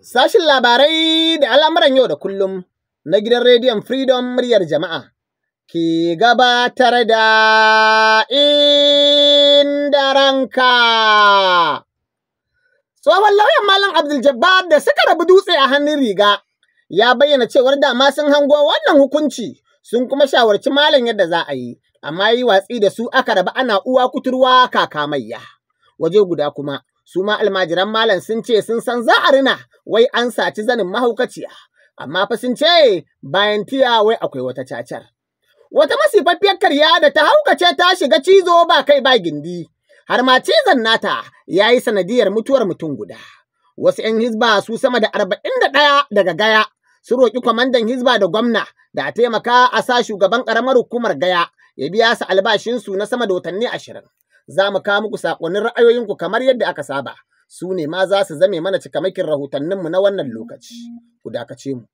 Sashin labarai da al'amuran yau da kullum na gidan rediyon Freedom muryar jama'a ke gabatar da inda ranka. Tsohon lauyan Malam Abdul Jabbar da suka rabu dutse a hannun riga ya bayyana cewar dama sun hango wannan hukunci sun kuma shawarci malam yadda za a yi, amma yi watsi da su aka raba ana uwa kuturwa kaka Waje guda kuma su ma almajiran malam sun ce sun san za a rina wai an saci zanin mahaukaciya amma fa sun ce bayan tiya wai akwai wata cacar wata masifaffiyar karya da ta haukace ta shiga cizo ba kai ba gindi har ma cizon nata ya yi sanadiyar mutuwar mutum guda wasu 'yan hizba su sama da arba'in da ɗaya daga gaya su roƙi kwamandan hizba da gwamna da a taimaka a sa shugaban ƙaramar hukumar gaya ya biya su albashinsu na sama da watanni ashirin za mu kawo muku saƙonin ra'ayoyinku kamar yadda aka saba, su ne ma za su zame mana cikamakin rahotanninmu na wannan lokaci. Ku dakace mu.